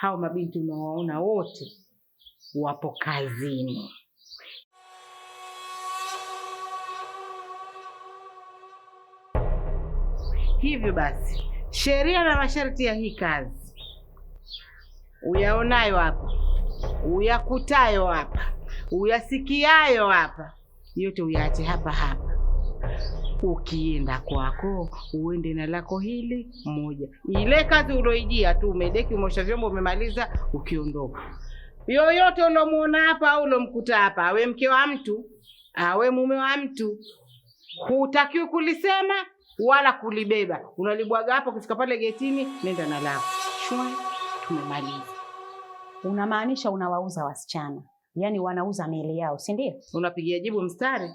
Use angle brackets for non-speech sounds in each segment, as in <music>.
hao mabinti unawaona wote wapo kazini. Hivyo basi sheria na masharti ya hii kazi uyaonayo hapa, uyakutayo hapa, uyasikiayo hapa, yote uyaache hapa hapa ukienda kwako uende na lako hili moja, ile kazi uloijia tu, umedeki umeosha vyombo umemaliza, ukiondoka yoyote unamuona hapa au unomkuta hapa, awe mke wa mtu awe mume wa mtu, hutakiwi kulisema wala kulibeba, unalibwaga hapo. Ukifika pale getini, nenda na lako shwa, tumemaliza. Unamaanisha unawauza wasichana, yaani wanauza miili yao, si ndio? Unapigia jibu mstari.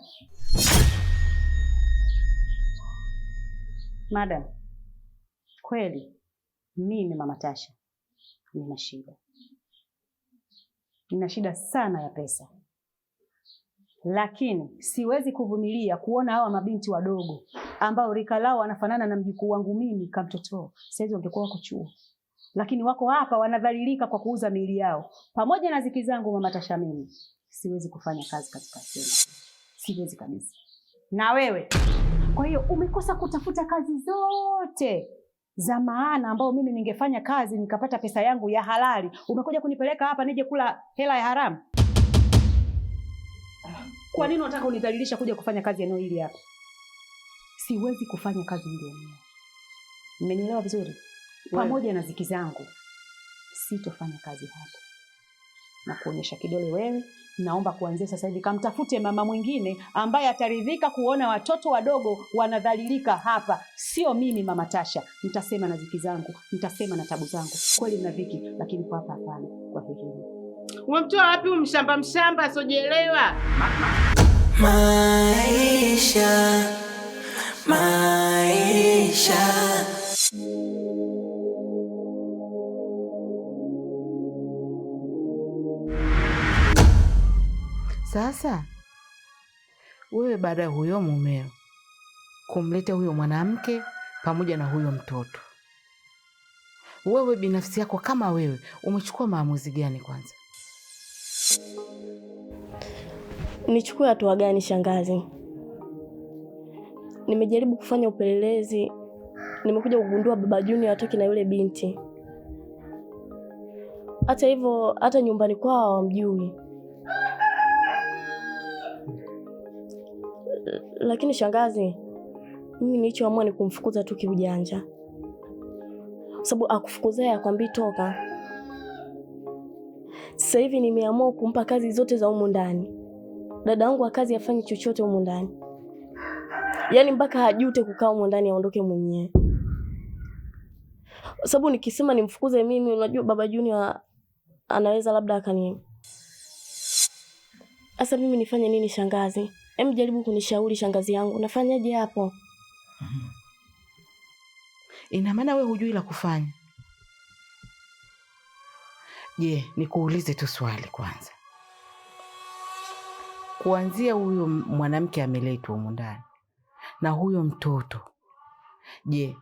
Madam, kweli mimi mama Tasha nina shida, nina shida sana ya pesa, lakini siwezi kuvumilia kuona hawa mabinti wadogo ambao rika lao wanafanana na mjukuu wangu mimi kamtoto. Saizi wangekuwa wako chuo, lakini wako hapa wanadhalilika kwa kuuza miili yao. Pamoja na ziki zangu mama Tasha, mimi siwezi kufanya kazi katika sehemu, siwezi kabisa. Na wewe kwa hiyo umekosa kutafuta kazi zote za maana ambao mimi ningefanya kazi nikapata pesa yangu ya halali. Umekuja kunipeleka hapa nije kula hela ya haramu. Kwa nini unataka unidhalilisha kuja kufanya kazi eneo hili hapa? Siwezi kufanya kazi hili eneo. Mmenielewa vizuri? Pamoja na ziki zangu sitofanya kazi hapa na kuonyesha kidole, wewe naomba kuanzia sasa hivi kamtafute mama mwingine ambaye ataridhika kuona watoto wadogo wanadhalilika hapa, sio mimi mama Tasha. Nitasema na dhiki zangu, nitasema na tabu zangu, kweli na dhiki, lakini kwa hapa hapana. Kwa hivyo umemtoa wapi umshamba mshamba asojelewa maisha maisha Sasa wewe baada ya huyo mumeo kumleta huyo mwanamke pamoja na huyo mtoto, wewe binafsi yako kama wewe umechukua maamuzi gani? Kwanza nichukue hatua gani, shangazi? Nimejaribu kufanya upelelezi, nimekuja kugundua baba Junior atoki na yule binti. Hata hivyo, hata nyumbani kwao hawamjui lakini shangazi, mimi nilichoamua ni kumfukuza tu kiujanja, sababu akufukuzea akwambii toka. Sasa hivi nimeamua kumpa kazi zote za humu ndani. Dada wangu wa kazi afanye chochote humu ndani, yaani mpaka hajute kukaa humu ndani, aondoke mwenyewe, sababu nikisema nimfukuze mimi, unajua baba Junior anaweza labda akani. Sasa mimi nifanye nini shangazi? Em, jaribu kunishauri shangazi yangu, nafanyaje hapo? hmm Ina maana we hujui la kufanya? Je, nikuulize tu swali kwanza, kuanzia huyo mwanamke ameletwa humu ndani na huyo mtoto, je,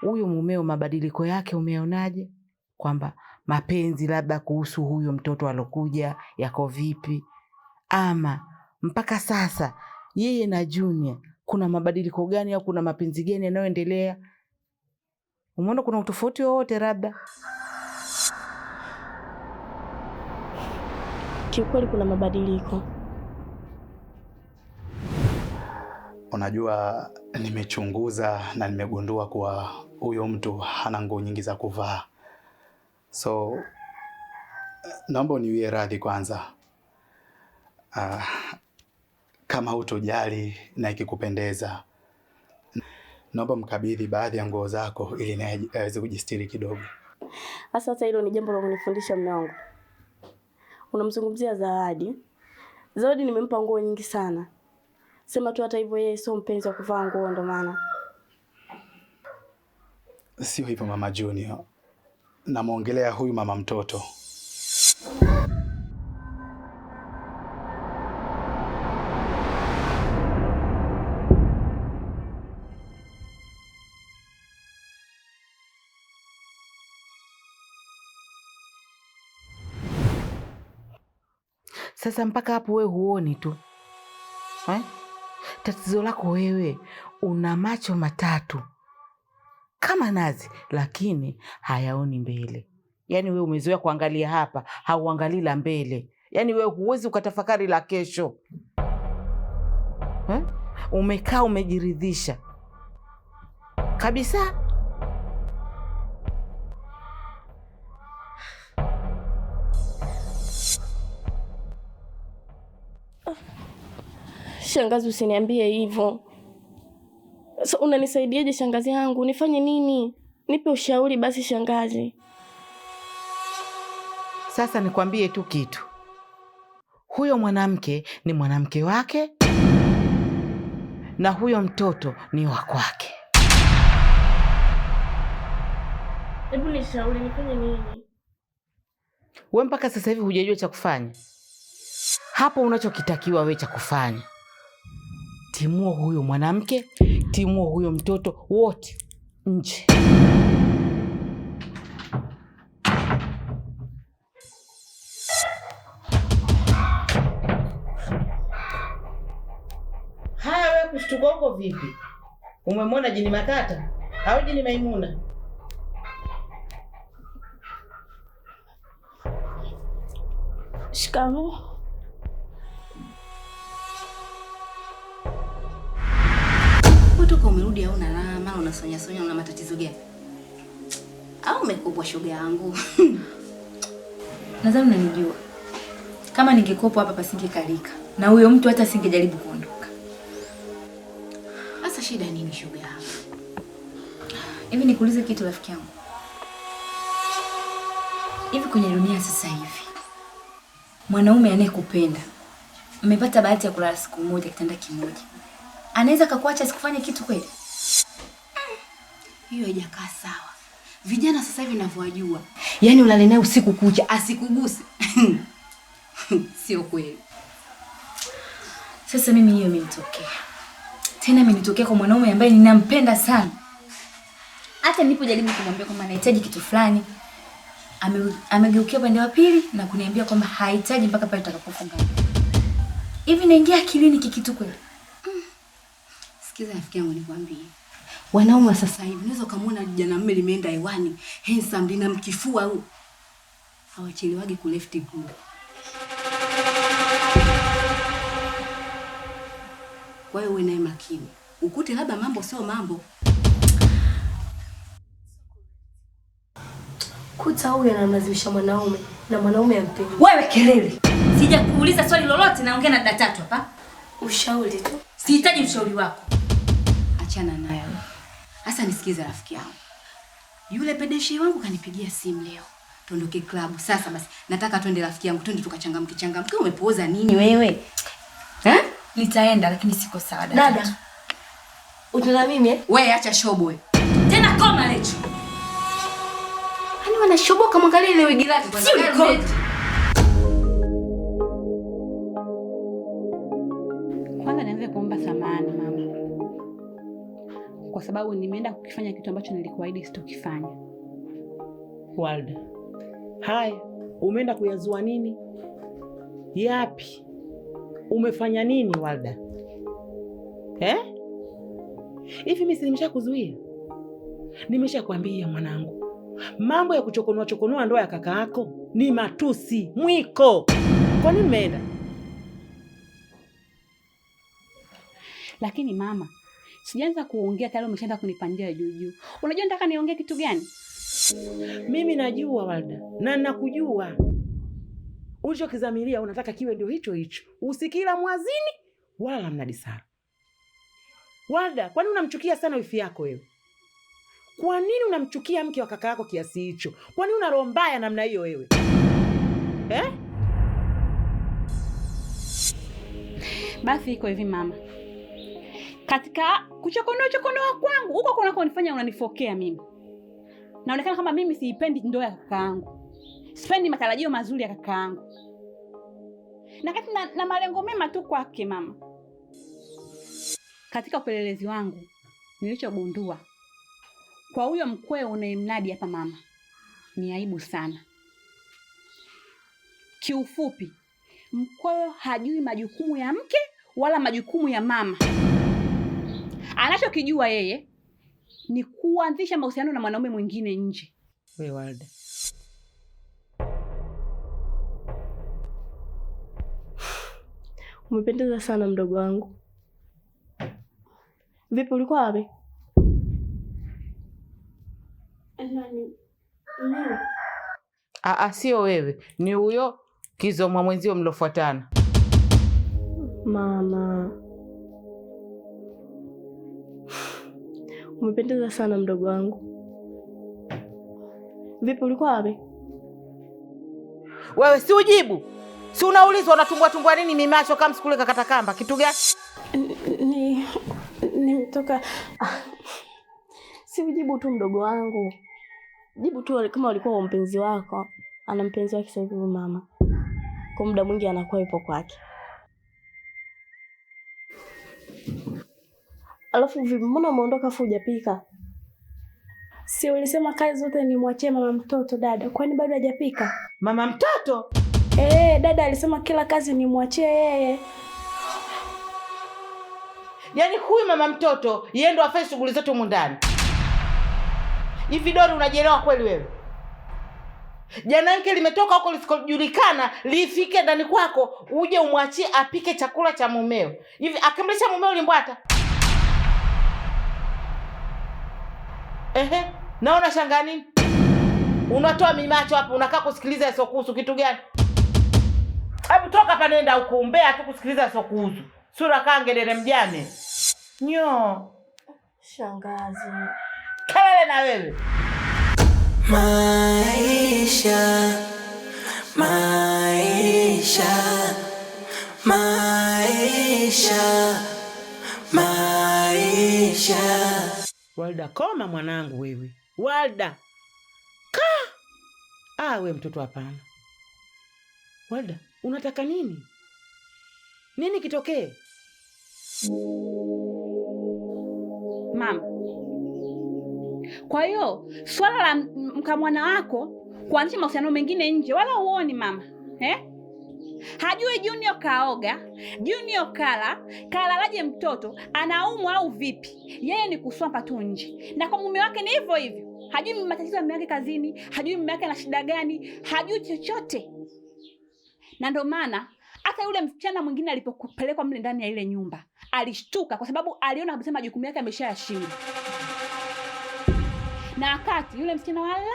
huyo mumeo mabadiliko yake umeonaje? Kwamba mapenzi labda kuhusu huyo mtoto alokuja yako vipi, ama mpaka sasa yeye na Junior kuna mabadiliko gani au kuna mapenzi gani yanayoendelea? Umeona kuna utofauti wowote? Labda kiukweli kuna mabadiliko. Unajua, nimechunguza na nimegundua kuwa huyo mtu hana nguo nyingi za kuvaa, so naomba uniwie radhi kwanza. Uh, kama utojali na ikikupendeza, naomba mkabidhi baadhi ya nguo zako ili naye aweze kujistiri kidogo. Asante, hilo ni jambo la kunifundisha mume wangu. Unamzungumzia Zawadi. Zawadi nimempa nguo nyingi sana, sema tu hata hivyo yeye sio mpenzi wa kuvaa nguo, ndo maana. Sio hivyo Mama Junior, namwongelea huyu mama mtoto. Sasa mpaka hapo wewe huoni tu eh? Tatizo lako wewe, una macho matatu kama nazi, lakini hayaoni mbele. Yaani wewe umezoea kuangalia hapa, hauangalii la mbele. Yaani wewe huwezi ukatafakari la kesho eh? Umekaa umejiridhisha kabisa Shangazi, usiniambie hivyo. Sasa unanisaidiaje shangazi yangu? Nifanye nini? Nipe ushauri basi shangazi. Sasa nikwambie tu kitu, huyo mwanamke ni mwanamke wake na huyo mtoto ni wa kwake. Hebu nishauri nifanye nini? We mpaka sasa hivi hujajua cha kufanya. Hapo unachokitakiwa we cha kufanya Timua huyo mwanamke, timuo huyo mtoto, wote nje. Haya, wewe kushtuka huko vipi? Umemwona jini matata au jini Maimuna? Shikamoo. Ulikuwa toka umerudi au na mara unasonya sonya una matatizo gani? Au umekopwa shoga yangu? <laughs> Nadhani unanijua. Kama ningekopwa hapa pasingekalika. Na huyo mtu hata singejaribu kuondoka. Sasa shida nini shoga yangu? Hivi nikuulize kitu rafiki yangu. Hivi kwenye dunia sasa hivi mwanaume anayekupenda mmepata bahati ya kulala siku moja kitanda kimoja anaweza akakuacha asikufanye kitu kweli? Hiyo haijakaa sawa. Vijana sasa hivi ninavyojua, yaani ulale naye usiku kucha asikuguse <laughs> sio kweli. Sasa mimi hiyo imenitokea tena, imenitokea kwa mwanaume ambaye ninampenda sana. Hata nilipojaribu kumwambia kwamba anahitaji kitu fulani, amegeukia pande wa pili na kuniambia kwamba hahitaji mpaka pale tutakapofunga. Hivi naingia akilini kikitu kweli? Sikiza rafiki yangu nikwambie, wanaume wa sasa hivi unaweza ukamwona jana mume limeenda hewani handsome, lina mkifua huu, hawachelewagi ku left good. Kwa hiyo uwe naye makini, ukute labda mambo sio mambo. Kuta huyu anamlazimisha mwanaume na mwanaume ampendi wewe. Kelele, sijakuuliza swali lolote, naongea na dada tatu hapa. Ushauri tu, sihitaji ushauri wako achana nayo. Sasa nisikize rafiki yangu. Yule pedeshi wangu kanipigia simu leo. Tuondoke klabu. Sasa basi nataka twende rafiki yangu, twende tukachangamke changamke. Umepooza nini wewe? Ha? Eh? Nitaenda lakini siko sawa dada. Dada. Utuna mimi eh? Wewe acha shobo wewe. Tena koma lecho. Hani kama kale ile wigi lake. kwa sababu. sababu nimeenda kukifanya kitu ambacho nilikuahidi sitokifanya. Walda, haya umeenda kuyazua nini? Yapi? Umefanya nini Walda eh? hivi eh? Mimi kuzuia nimesha kuambia mwanangu, mambo ya kuchokonoa chokonoa ndoa ya kaka yako ni matusi, mwiko. Kwa nini umeenda? Lakini mama Sijaanza kuongea tayari umeshaanza kunipandia juu juu. Unajua nataka niongee kitu gani? Mimi najua Walda, na nakujua ulichokizamilia unataka kiwe ndio hicho hicho, usikila mwazini wala la mnadisara. Walda, kwani unamchukia sana wifi yako wewe? Kwa nini unamchukia mke wa kaka yako kiasi hicho? Kwa nini una roho mbaya namna hiyo wewe eh? Basi iko hivi mama katika kuchokonoa chokonoa kwangu huko kunakonifanya unanifokea mimi, naonekana kama mimi siipendi ndoa ya kakaangu, sipendi matarajio mazuri ya kakaangu na kati na, na malengo mema tu kwake mama. Katika upelelezi wangu nilichogundua kwa huyo mkweo unayemnadi hapa mama, ni aibu sana. Kiufupi, mkweo hajui majukumu ya mke wala majukumu ya mama. Anachokijua yeye ni kuanzisha mahusiano na mwanaume mwingine nje. We Walda, <sighs> umependeza sana mdogo wangu. Vipi, ulikuwa wapi? Ah, ah, sio wewe, ni huyo kizomwa mwenzio mlofuatana mama Umependeza sana mdogo wangu. Vipi, ulikuwa wapi wewe? Si ujibu, si unaulizwa, unatumbua tumbua nini mimacho kama sikule kakata kamba kitu gani? Ni nimetoka. Ah, si ujibu tu mdogo wangu, jibu tu kama walikuwa mpenzi wako. Ana mpenzi wake sasa hivi mama, kwa muda mwingi anakuwa yupo kwake. Alafu vipi, mbona umeondoka afu hujapika? Si ulisema kazi zote ni nimwachie mama mtoto dada, kwani bado hajapika? Mama mtoto? Eh, dada alisema kila kazi ni nimwachie yeye. Yaani huyu mama mtoto yeye ndo afanye shughuli zote humu ndani. Hivi Dori, unajielewa kweli wewe? Jana yake limetoka huko lisikojulikana, lifike ndani kwako, uje umwachie apike chakula cha mumeo. Hivi akimlisha mumeo limbwata? Ehe, naona shanga nini? Unatoa mimacho hapo, unakaa kusikiliza yasiokuhusu kitu gani? Hebu toka hapa, nenda huko mbea tu kusikiliza yasiokuhusu. Sura kange dere mjane. Nyo. Shangazi. Kelele na wewe. Maisha. Maisha. Maisha. Maisha. Walda, koma mwanangu wewe. Walda, ka ah, we mtoto, hapana. Walda, unataka nini? Nini kitokee? Mama, kwa hiyo swala la mkamwana wako kuanzisha mahusiano mengine nje wala uoni mama eh? hajui Junior kaoga, Junior kala, kalalaje mtoto, anaumwa au vipi? Yeye ni kuswapa tu nje, na kwa mume wake ni hivyo hivyo, hajui matatizo ya mume wake kazini, hajui mume wake ana shida gani, hajui chochote. Na ndio maana hata yule msichana mwingine alipopelekwa mle ndani ya ile nyumba alishtuka, kwa sababu aliona kabisa majukumu yake ameshayashinda, na wakati yule msichana wala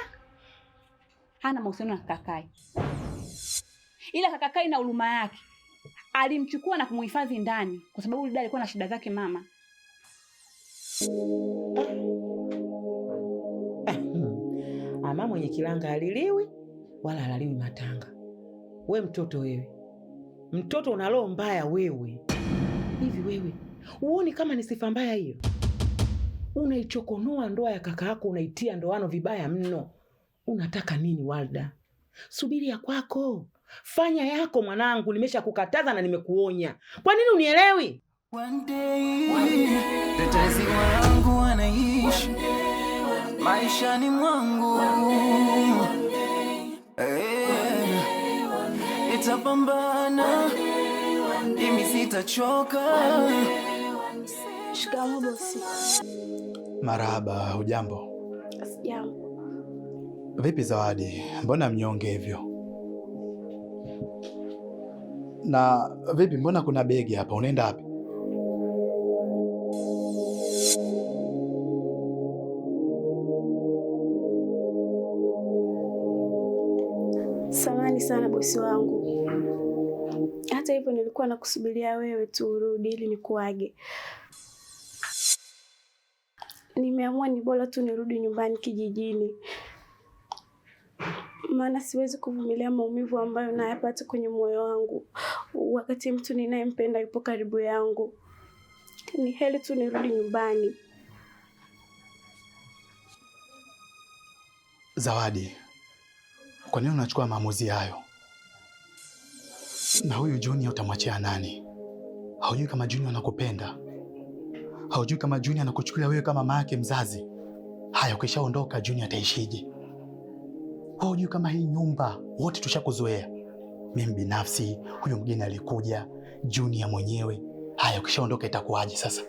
hana mahusiano na kakai ila kaka Kai na huruma yake alimchukua na kumhifadhi ndani, kwa sababu yule dada alikuwa na shida zake mama. Ah, Ama mwenye kilanga aliliwi wala alaliwi matanga. We mtoto wewe, mtoto una roho mbaya wewe. Hivi wewe uoni kama ni sifa mbaya hiyo? Unaichokonoa ndoa ya kaka yako, unaitia ndoano vibaya mno. Unataka nini Walda? Subiri ya kwako Fanya yako mwanangu, nimesha kukataza na nimekuonya. Kwa nini unielewi? One day, wangu wanaishi maishani mwangu, eh, itapambana mimi, sitachoka. Shikamoo bosi. Marahaba. Hujambo? Sijambo. Vipi Zawadi, mbona mnyonge hivyo? na vipi, mbona kuna begi hapa, unaenda wapi? Samani sana bosi wangu, hata hivyo nilikuwa nakusubiria wewe tu urudi ili nikuage. Nimeamua ni bora tu nirudi nyumbani kijijini, maana siwezi kuvumilia maumivu ambayo nayapata kwenye moyo wangu wakati mtu ninayempenda yupo karibu yangu. Ni heri tu nirudi nyumbani. Zawadi, kwa nini unachukua maamuzi hayo? Na huyu Junior utamwachia nani? Haujui kama Junior anakupenda, haujui kama Junior anakuchukulia wewe kama mama yake mzazi. Haya, ukishaondoka Junior ataishije? Haujui kama hii nyumba wote tushakuzoea mimi binafsi, huyu mgeni alikuja Junior mwenyewe. Haya, ukishaondoka itakuwaje sasa?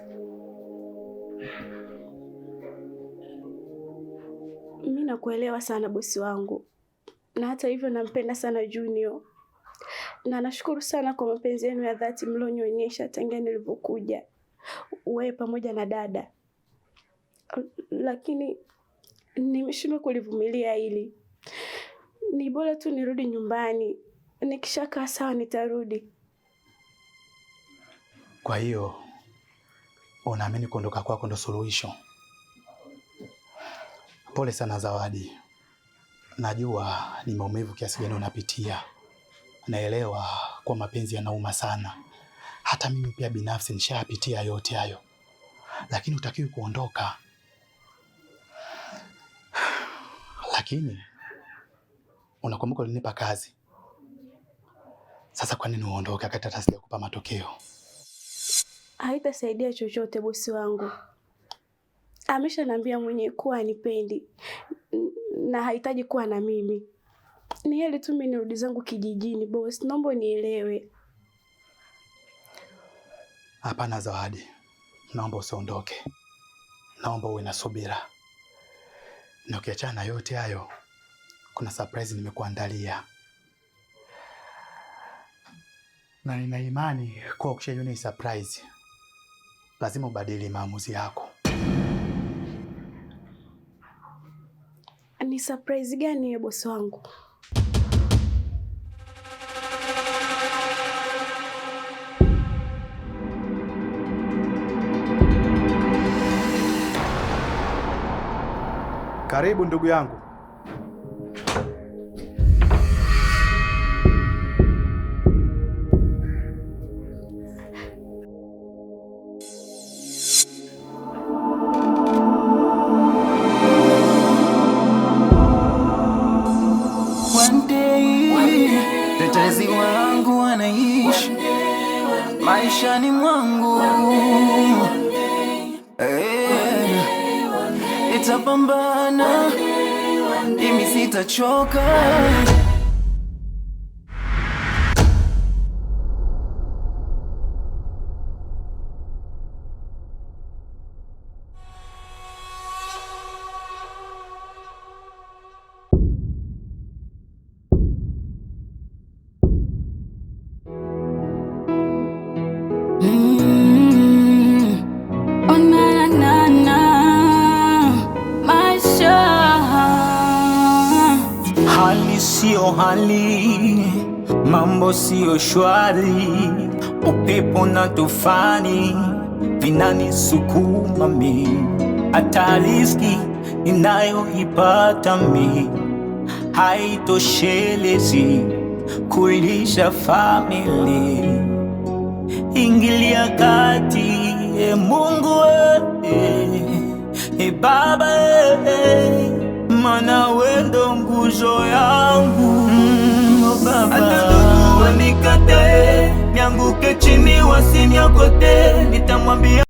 Mimi nakuelewa sana bosi wangu, na hata hivyo nampenda sana Junior na nashukuru sana kwa mapenzi yenu ya dhati mlionyonyesha tangia nilivyokuja, wewe pamoja na dada, lakini nimeshindwa kulivumilia hili. Ni bora tu nirudi nyumbani Nikishakaa sawa nitarudi. Kwa hiyo unaamini kuondoka kwako ndo suluhisho? Pole sana Zawadi, najua ni maumivu kiasi gani unapitia. Naelewa kwa mapenzi yanauma sana, hata mimi pia binafsi nishayapitia yote hayo, lakini utakiwi kuondoka. Lakini unakumbuka ulinipa kazi sasa kwa nini uondoke wakati hata sijakupa matokeo? Haitasaidia chochote bosi wangu. Amesha niambia mwenyewe kuwa anipendi na hahitaji kuwa na mimi. Ni heri tu mimi nirudi zangu kijijini bosi, naomba nielewe. Hapana Zawadi, naomba usiondoke, naomba uwe na subira, na ukiachana na yote hayo, kuna surprise nimekuandalia. na nina imani kwa ukishajiona ni surprise, lazima ubadili maamuzi yako. Ni surprise gani hiyo bosi wangu? Karibu ndugu yangu. пятачок shwari, upepo na tufani vinanisukuma mi, hata riziki ninayoipata mi haitoshelezi kuilisha famili. Ingilia kati, e Mungu e, e Baba e, mana wendo nguzo yangu mm, Baba wanikatae, nianguke chini, wasiniokote, nitamwambia